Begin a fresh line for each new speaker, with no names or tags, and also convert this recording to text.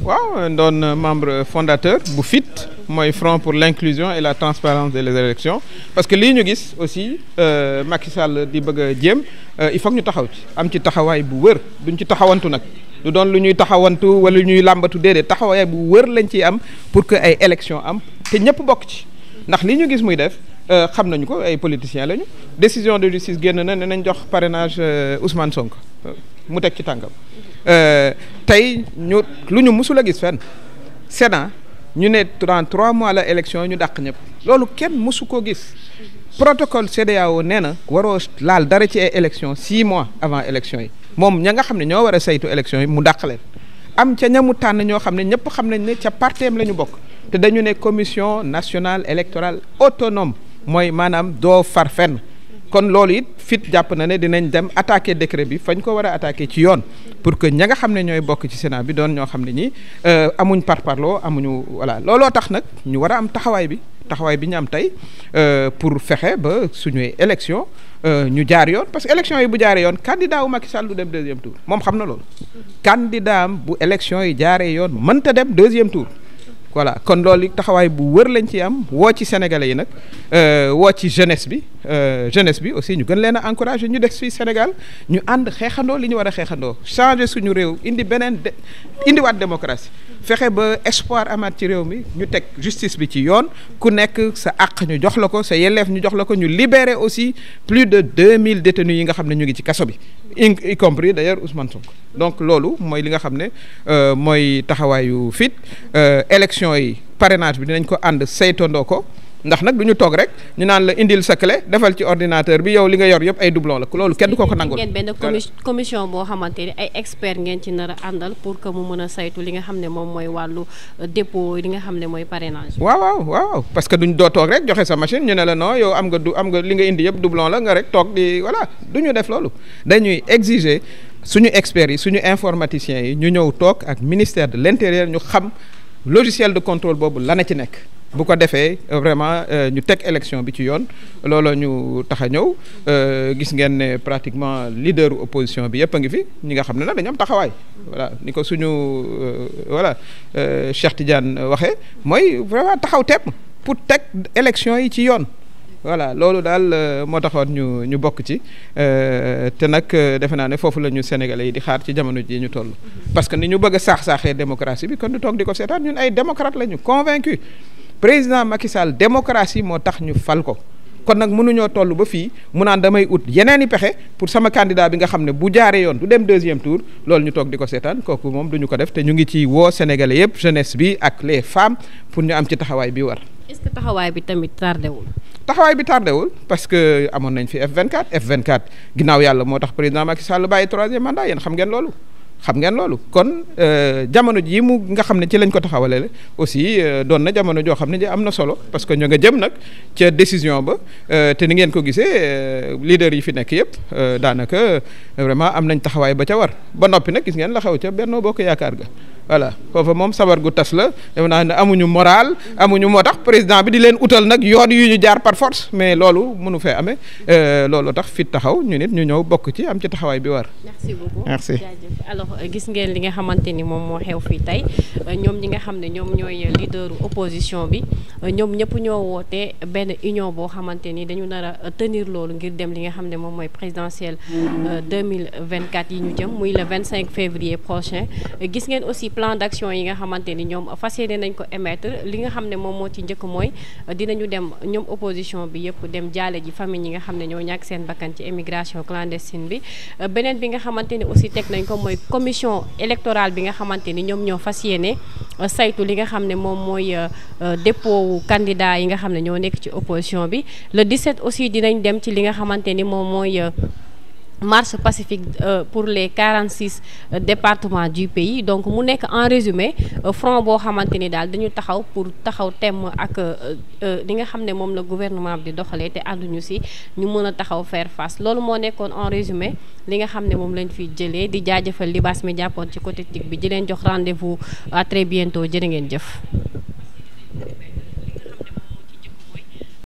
waaw doon membre fondateur bu FIT mooy front pour l'inclusion et la transparence des élections parce que lii ñu gis aussi euh, Macky Sall di bëgg jéem euh, il faut ñu taxaw ci am ci taxawaay bu wër duñ ci taxawantu nag du doon lu ñuy taxawantu wala lu ñuy làmbatu déedéet taxawaay bu wër lañ ciy am pour que ay élections am te ñëpp bokk ci ndax lii ñu gis muy def euh, xam nañu ko ay politiciens lañu décision de justice génn na ne nañ jox parrainage Ousmane Sonko. mu teg ci tànkam euh, tey ñu lu ñu musul a gis fenn Sénat ñu ne dans trois mois la élection ñu dàq ñëpp loolu kenn musu ko gis protocole CEDEAO nee na waroo laal dara ci ay élection six mois avant élection yi moom ña nga xam ne ñoo war a saytu élection yi mu dàq leen am ca ñamu tànn ñoo xam ne ñëpp xam nañ ne ca parteem la ñu bokk te dañu ne commission national électorale autonome mooy maanaam doo far fenn kon loolu it fit jàpp na ne dinañ dem attaquer décret bi fañ ko war a attaquer ci yoon pour que ña nga xam ne ñooy bokk ci Sénat bi doon ñoo xam ne ñi euh, amuñ parparloo amuñu voilà looloo tax nag ñu war a am taxawaay bi taxawaay bi ñu am tey euh, pour fexe ba suñuy élection euh, ñu jaar yoon parce que yi bu jaaree yoon candidat wu Macky Sall du dem deuxième tour xam na loolu candidat am bu élection yi jaaree yoon mënta dem deuxième tour voilà kon loolu taxawaay bu wër lañ ci am woo ci sénégalais yi nag woo ci jeunesse bi Euh, jeunesse bi aussi ñu gën leen a encourager ñu des fii Sénégal ñu ànd xeexandoo li ñu war a xeexandoo changer suñu réew indi beneen de indiwaat démocratie fexe ba espoir amaat ci réew mi ñu teg justice bi ci yoon ku nekk sa àq ñu jox la ko sa yelleef ñu jox la ko ñu libérer aussi plus de mille détenus yi nga xam ne ñu ngi ci kaso bi y compris d'ailleurs Ousmane Sonko donc loolu mooy li nga xam ne euh, mooy taxawaayu fit euh, élection yi parenage bi dinañ ko ànd saytandoo ko ndax nag duñu toog rek ñu naan la indil sa clé defal ci ordinateur bi yow li nga yor yëpp ay doublon la loolu kenn du ko ko nangul ngeen benn
commission boo xamante ni ay expert ngeen ci nar a àndal pour que mu mën a saytu li nga xam ne moom mooy wàllu euh, dépôt li nga xam ne mooy parrainage
waaw waaw waaw parce que duñ doo rek joxe sa machine ñu ne la non yow am nga du nga li nga indi yëpp doublon la nga rek toog di voilà du ñu def loolu dañuy exiger suñu experts yi suñu informaticiens yi ñu ñëw toog ak ministère de l'intérieur ñu xam logiciel de contrôle boobu la na ci nekk bu ko defee euh, vraiment euh, ñu teg élection bi ci yoon looloo ñu tax a ñëw euh, gis ngeen ne pratiquement leader opposition bi yëpp a ngi fi ñi nga xam ne nag dañu am taxawaay voilà ni ko suñu voilà Cheikh Tidiane waxe mooy vraiment taxaw tepp pour teg élection yi ci yoon voilà loolu daal moo taxoon ñu ñu bokk ci te nag defe naa ne foofu la ñu sénégalais yi di xaar ci jamono ji ñu toll parce que ni ñu bëgg a saax-saaxee démocratie bi kon di ko seetaan ñun ay démocrate la ñu convaincu président Macky Sall démocratie moo tax ñu fal ko kon nag mënuñoo toll ba fii mu naan damay ut yeneen i pexe pour sama candidat bi nga xam ne bu jaaree yoon du dem deuxième tour loolu ñu toog di ko seetaan kooku moom du ko def te ñu ngi ci woo sénégalais yëpp jeunesse bi ak les femmes pour ñu am ci taxawaay bi war.
est-ce que taxawaay bi tamit tardé wul.
taxawaay bi tardé wul parce que amoon nañ fi F24 F24 ginnaaw yàlla moo tax président Macky Sall bàyyi troisième mandat yéen xam ngeen xam ngeen loolu kon euh, jamono ji mu nga xam ne ci lañ ko taxawale aussi euh, doon na jamono joo xam ne ji am na solo parce que ñoo nga jëm nag ca décision ba euh, te ni ngeen ko gisee leader yi fi nekk yëpp daanaka vraiment am nañ taxawaay ba ca war ba noppi nag gis ngeen la xew ca Benno Bokk Yaakaar ga voilà foofa moom sabar gu tas la def naa ne amuñu moral amuñu moo tax président bi di leen utal nag yoon yu ñu jaar par force mais loolu mënu fee amee euh, loolu tax fit taxaw ñu nit ñu ñëw bokk ci am ci taxawaay bi war. merci
alors euh, gis ngeen li nga xamante ni moom moo xew fii tey euh, ñoom ñi nga xam ne ñoom ñooy leaderu opposition bi ñoom ñëpp ñoo woote benn union boo xamante ni dañu nar a tenir loolu ngir dem li nga xam ne moom mooy présidentielle 2024 yi ñu jëm muy le 25 février prochain gis plan d'action yi nga xamante ni ñoom fas yéene nañ ko émettre li nga xam ne moom moo ci njëkk mooy dinañu dem ñoom opposition bi yëpp dem jaale ji famille yi nga xam ne ñoo ñàkk seen bakkan ci émigration clandestine bi beneen bi nga xamante ni aussi teg nañ ko mooy commission électorale bi nga xamante ni ñoom ñoo fas yéene euh, saytu li nga xam ne moom mooy euh, euh, dépôt wu candidat yi nga xam ne ñoo nekk ci opposition bi le 17 aussi dinañ dem ci li nga xamante ni moom mooy marche pacifique euh, pour les quarante six euh, départements du pays donc mu nekk en résumé euh, front boo xamante ni daal dañu taxaw pour taxaw temm ak li nga xam ne moom la gouvernement bi di doxalee te ànduñu si ñu mën a taxaw faire face loolu moo nekkoon en résumé li nga xam ne moom lañ fi jëlee di jaajëfal libaas mi jàppoon ci côté tic bi ji leen jox rendez-vous à très ngeen jëf.